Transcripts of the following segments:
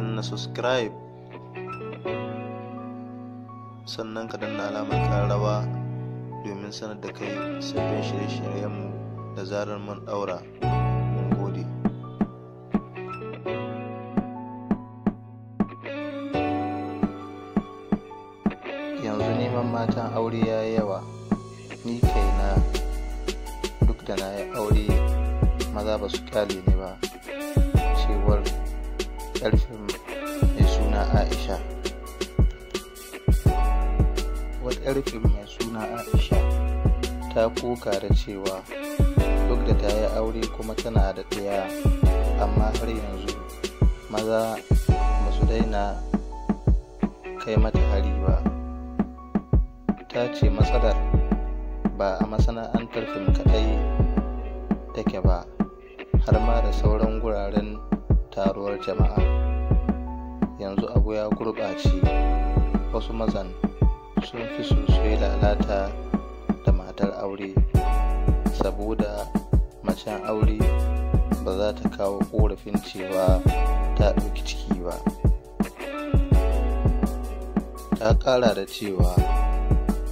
na subscribe sannan ka danna alamar rawa domin sanar da kai sabbin shirye-shiryenmu da zarar mun daura yanzu neman matan aure ya yi yawa ni kaina duk da na yi aure maza ba su kyale ne ba ƙarfin mai suna aisha ƙarfin mai suna aisha ta koka da cewa duk da ta yi aure kuma tana da ɗaya amma har yanzu maza ba su daina kai mata hari ba ta ce matsalar ba a masana'antar fim kaɗai take ba har ma da sauran guraren taruwar jama'a yanzu abu ya gurɓace wasu mazan sun fi sosai lalata da matar aure saboda macen aure ba za ta kawo ƙorafin cewa ta ɗauki ciki ba ta ƙara da cewa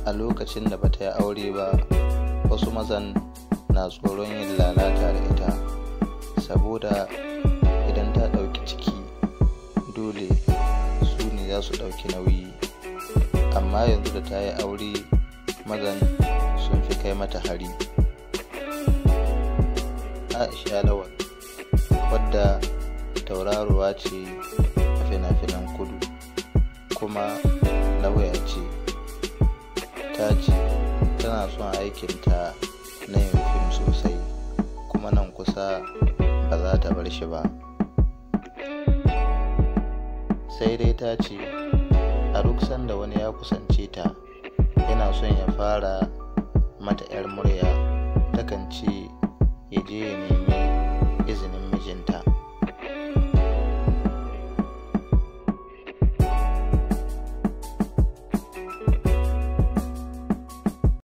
a lokacin da bata yi aure ba wasu mazan na tsoron yin lalata da ita saboda su ɗauki nauyi amma yanzu da ta yi aure mazan sun fi kai mata hari aisha lawal wadda tauraruwa ce a fina-finan kudu kuma lauya ce ta ce tana son aikinta na yin fim sosai kuma nan kusa ba za ta bar shi ba sai dai ta ce a duk sanda wani ya kusance ta yana son ya fara mata 'yar murya takan ce ya je ya nemi